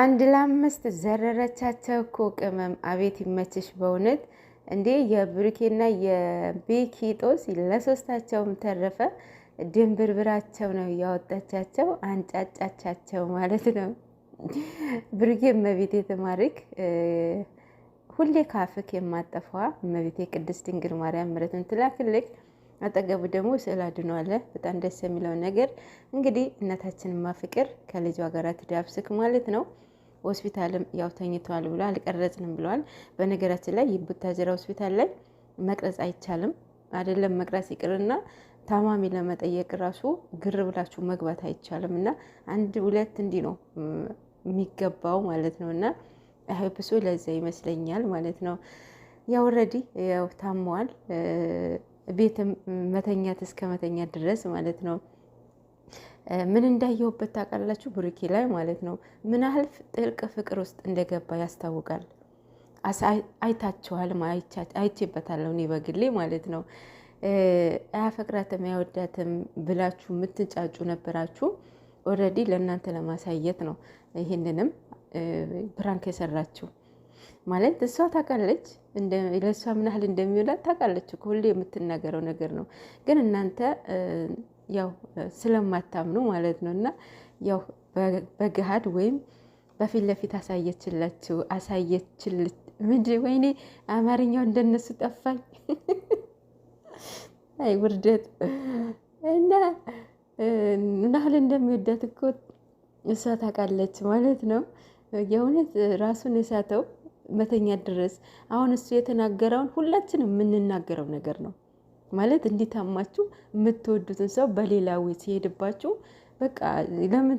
አንድ ለአምስት ዘረረቻቸው እኮ ቅመም። አቤት ይመችሽ በእውነት እንዴ! የብሩኬና የቤኪ ጦስ ለሶስታቸውም ተረፈ። ድንብርብራቸው ነው እያወጣቻቸው፣ አንጫጫቻቸው ማለት ነው። ብሩኬ መቤቴ ተማሪክ ሁሌ ካፍክ የማጠፋ መቤቴ ቅድስት ድንግል ማርያም ምሕረትን ትላክልክ። አጠገቡ ደግሞ ስዕል አድኖ አለ። በጣም ደስ የሚለው ነገር እንግዲህ እናታችንማ ፍቅር ከልጇ ጋር ትዳብስክ ማለት ነው። ሆስፒታልም ያው ተኝተዋል ብሎ አልቀረጽንም ብለዋል። በነገራችን ላይ የቡታጅራ ሆስፒታል ላይ መቅረጽ አይቻልም አይደለም መቅረጽ ይቅርና ታማሚ ለመጠየቅ ራሱ ግር ብላችሁ መግባት አይቻልም። እና አንድ ሁለት እንዲህ ነው የሚገባው ማለት ነው። እና ብሶ ለዛ ይመስለኛል ማለት ነው። ያው ያው ታመዋል። ቤት መተኛት እስከ መተኛት ድረስ ማለት ነው። ምን እንዳየሁበት ታውቃላችሁ? ብሩኬ ላይ ማለት ነው ምን ያህል ጥልቅ ፍቅር ውስጥ እንደገባ ያስታውቃል። አይታችኋል፣ አይቼበታለሁ እኔ በግሌ ማለት ነው። አያፈቅራትም አያወዳትም ብላችሁ የምትጫጩ ነበራችሁ። ኦልሬዲ ለእናንተ ለማሳየት ነው ይህንንም ፕራንክ የሰራችው። ማለት እሷ ታውቃለች፣ ለእሷ ምን ያህል እንደሚውላት ታውቃለች። ሁሌ የምትናገረው ነገር ነው። ግን እናንተ ያው ስለማታምኑ ማለት ነው እና ያው በገሃድ ወይም በፊት ለፊት አሳየችላችሁ አሳየችልች ምንድ ወይኔ አማርኛው እንደነሱ ጠፋኝ። አይ ውርደት እና ምናህል እንደሚወዳት እኮ እሷ ታውቃለች ማለት ነው። የእውነት ራሱን የሳተው መተኛ ድረስ አሁን እሱ የተናገረውን ሁላችንም የምንናገረው ነገር ነው ማለት እንዲታማችሁ የምትወዱትን ሰው በሌላ ዊ ሲሄድባችሁ በቃ ለምን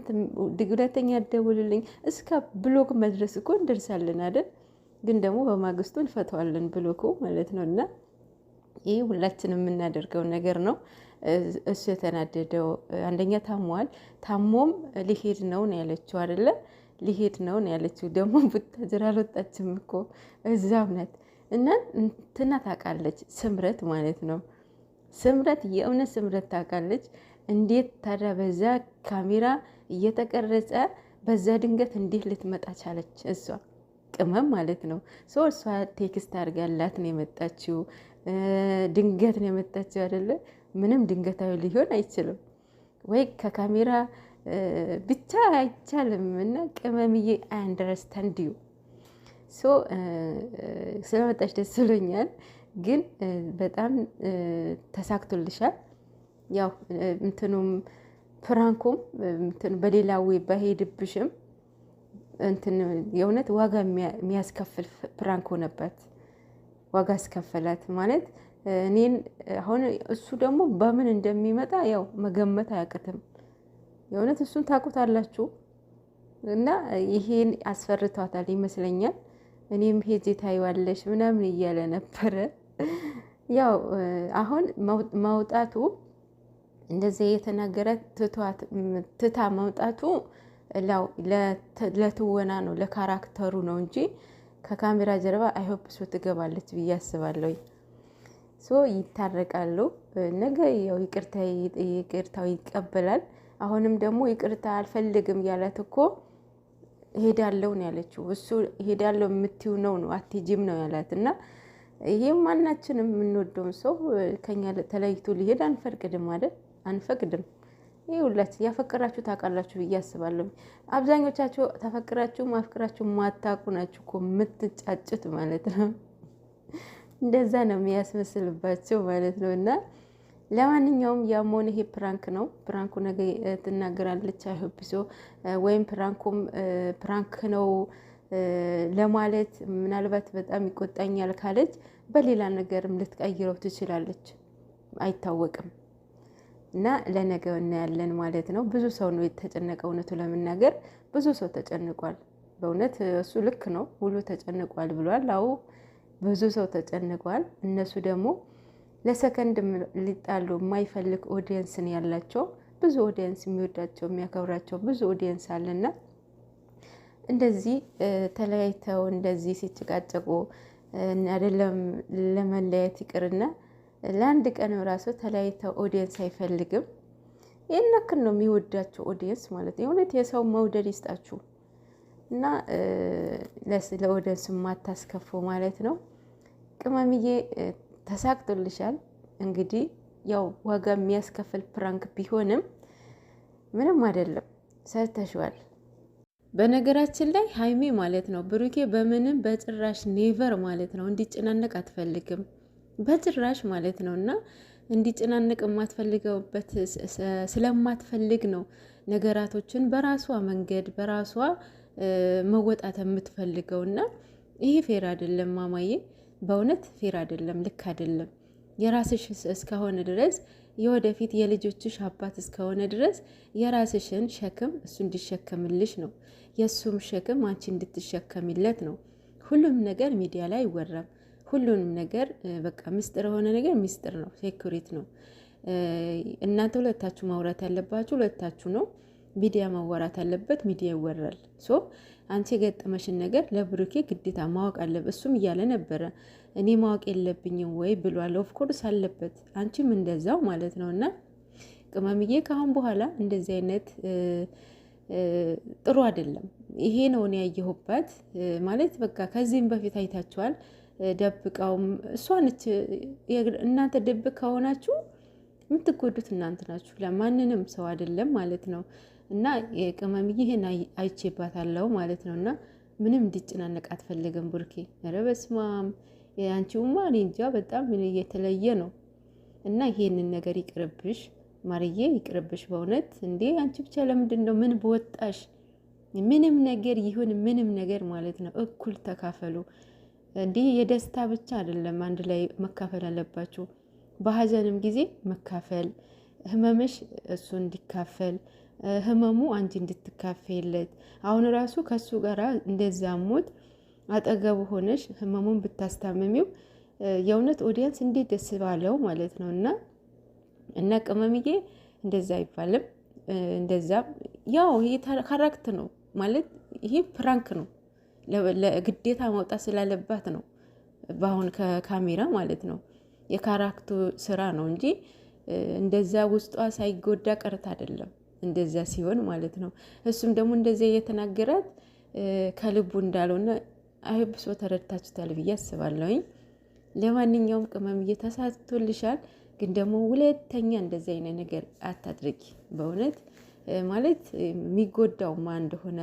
ሁለተኛ ደውልልኝ እስከ ብሎክ መድረስ እኮ እንደርሳለን አይደል? ግን ደግሞ በማግስቱ እንፈተዋለን ብሎክ ማለት ነው። እና ይህ ሁላችን የምናደርገው ነገር ነው። እሱ የተናደደው አንደኛ ታሟል፣ ታሞም ሊሄድ ነው ነው ያለችው አይደለም። ሊሄድ ነው ነው ያለችው። ደግሞ ቡታጅራ አልወጣችም እኮ እዛው ናት። እና እንትና ታውቃለች ስምረት ማለት ነው። ስምረት የእውነት ስምረት ታውቃለች። እንዴት ታዲያ በዛ ካሜራ እየተቀረጸ በዛ ድንገት እንዴት ልትመጣ ቻለች? እሷ ቅመም ማለት ነው። ሰው እሷ ቴክስት አድርጋላት ነው የመጣችው። ድንገት ነው የመጣችው አይደለ? ምንም ድንገታዊ ሊሆን አይችልም ወይ ከካሜራ ብቻ አይቻልም። እና ቅመምዬ አንደርስታንድ ዩ ሶ ስለመጣሽ ደስ ብሎኛል። ግን በጣም ተሳክቶልሻል። ያው እንትኑም ፍራንኩም በሌላ ወይ ባሄድብሽም እንትን የእውነት ዋጋ የሚያስከፍል ፕራንክ ሆነበት። ዋጋ አስከፈላት ማለት እኔን አሁን እሱ ደግሞ በምን እንደሚመጣ ያው መገመት አያቅትም። የእውነት እሱን ታውቁታላችሁ። እና ይሄን አስፈርቷታል ይመስለኛል። እኔም ሄጄ ታይዋለሽ ምናምን እያለ ነበረ። ያው አሁን መውጣቱ እንደዚያ የተናገረ ትታ መውጣቱ ለትወና ነው ለካራክተሩ ነው እንጂ ከካሜራ ጀርባ አይሆፕ ሶ ትገባለች ብዬ አስባለሁ። ሶ ይታረቃሉ ነገ ያው ይቅርታው ይቀበላል። አሁንም ደግሞ ይቅርታ አልፈልግም ያላት እኮ ሄዳለው ነው ያለችው። እሱ ሄዳለው የምትይው ነው ነው አትሄጂም ነው ያላት እና ይሄም ማናችን የምንወደውን ሰው ከኛ ተለይቶ ሊሄድ አንፈቅድም አይደል? አንፈቅድም። ይህ ሁላችን ያፈቅራችሁ ታውቃላችሁ ብዬ አስባለሁ። አብዛኞቻችሁ ተፈቅራችሁ ማፍቅራችሁ ማታውቁ ናችሁ እኮ የምትጫጩት ማለት ነው። እንደዛ ነው የሚያስመስልባቸው ማለት ነው እና ለማንኛውም ያሞን ይሄ ፕራንክ ነው። ፕራንኩ ነገ ትናገራለች አይሆብሶ ወይም ፕራንኩም ፕራንክ ነው ለማለት ምናልባት በጣም ይቆጣኛል ካለች በሌላ ነገርም ልትቀይረው ትችላለች። አይታወቅም እና ለነገ እናያለን ማለት ነው። ብዙ ሰው ነው የተጨነቀ። እውነቱ ለመናገር ብዙ ሰው ተጨንቋል። በእውነት እሱ ልክ ነው። ሁሉ ተጨንቋል ብሏል። አዎ ብዙ ሰው ተጨንቋል። እነሱ ደግሞ ለሰከንድ ሊጣሉ የማይፈልግ ኦዲየንስን ያላቸው ብዙ ኦዲየንስ የሚወዳቸው የሚያከብራቸው ብዙ ኦዲየንስ አለና እንደዚህ ተለያይተው እንደዚህ ሲጨቃጨቁ አይደለም ለመለያየት ይቅርና ለአንድ ቀን ራሱ ተለያይተው ኦዲየንስ አይፈልግም። ይህን ያክል ነው የሚወዳቸው ኦዲየንስ ማለት ነው። የእውነት የሰው መውደድ ይስጣችሁ እና ለኦዲየንስ የማታስከፉ ማለት ነው ቅመምዬ ተሳክቶልሻል። እንግዲህ ያው ዋጋ የሚያስከፍል ፕራንክ ቢሆንም ምንም አይደለም፣ ሰርተሽዋል። በነገራችን ላይ ሀይሜ ማለት ነው ብሩኬ በምንም በጭራሽ ኔቨር ማለት ነው እንዲጨናነቅ አትፈልግም፣ በጭራሽ ማለት ነው። እና እንዲጨናነቅ የማትፈልገውበት ስለማትፈልግ ነው ነገራቶችን በራሷ መንገድ በራሷ መወጣት የምትፈልገው እና ይሄ ፌር አይደለም ማማዬ። በእውነት ፌር አይደለም፣ ልክ አይደለም። የራስሽ እስከሆነ ድረስ የወደፊት የልጆችሽ አባት እስከሆነ ድረስ የራስሽን ሸክም እሱ እንዲሸከምልሽ ነው። የእሱም ሸክም አንቺ እንድትሸከሚለት ነው። ሁሉም ነገር ሚዲያ ላይ ይወራም ሁሉንም ነገር በቃ ምስጢር የሆነ ነገር ምስጢር ነው፣ ሴኩሪት ነው። እናንተ ሁለታችሁ ማውራት ያለባችሁ ሁለታችሁ ነው። ሚዲያ ማወራት ያለበት ሚዲያ ይወራል። ሶ አንቺ የገጠመሽን ነገር ለብሩኬ ግዴታ ማወቅ አለብ እሱም እያለ ነበረ እኔ ማወቅ የለብኝም ወይ ብሏል። ኦፍኮርስ አለበት፣ አንቺም እንደዛው ማለት ነው። እና ቅመምዬ ከአሁን በኋላ እንደዚህ አይነት ጥሩ አይደለም። ይሄ ነው እኔ ያየሁባት ማለት በቃ ከዚህም በፊት አይታችኋል። ደብቀውም እሷ ነች። እናንተ ደብቅ ከሆናችሁ የምትጎዱት እናንተ ናችሁ፣ ለማንንም ሰው አይደለም ማለት ነው። እና የቅመም ይህን አይቼባታለሁ ማለት ነው። እና ምንም እንዲጨናነቅ አትፈልግም ቡርኬ ኧረ በስመ አብ አንቺውማ እኔ እንጃ በጣም የተለየ ነው። እና ይሄንን ነገር ይቅርብሽ ማርዬ፣ ይቅርብሽ በእውነት እንዴ። አንቺ ብቻ ለምንድን ነው ምን በወጣሽ? ምንም ነገር ይሁን ምንም ነገር ማለት ነው እኩል ተካፈሉ እንዲህ የደስታ ብቻ አይደለም አንድ ላይ መካፈል አለባችሁ። በሀዘንም ጊዜ መካፈል ህመምሽ እሱ እንዲካፈል ህመሙ አንቺ እንድትካፈይለት አሁን ራሱ ከሱ ጋር እንደዛ ሞት አጠገቡ ሆነሽ ህመሙን ብታስታምሚው የእውነት ኦዲያንስ እንዴት ደስ ባለው ማለት ነው። እና እና ቅመምዬ እንደዛ አይባልም። እንደዛ ያው ካራክት ነው ማለት ይሄ ፕራንክ ነው። ለግዴታ መውጣት ስላለባት ነው በአሁን ከካሜራ ማለት ነው። የካራክቱ ስራ ነው እንጂ እንደዛ ውስጧ ሳይጎዳ ቀርት አይደለም። እንደዚያ ሲሆን ማለት ነው። እሱም ደግሞ እንደዚያ እየተናገራት ከልቡ እንዳልሆነ አይብሶ ተረድታችሁታል ብዬ አስባለሁኝ። ለማንኛውም ቅመም እየተሳትቶልሻል፣ ግን ደግሞ ሁለተኛ እንደዚህ አይነት ነገር አታድርጊ። በእውነት ማለት የሚጎዳው ማን እንደሆነ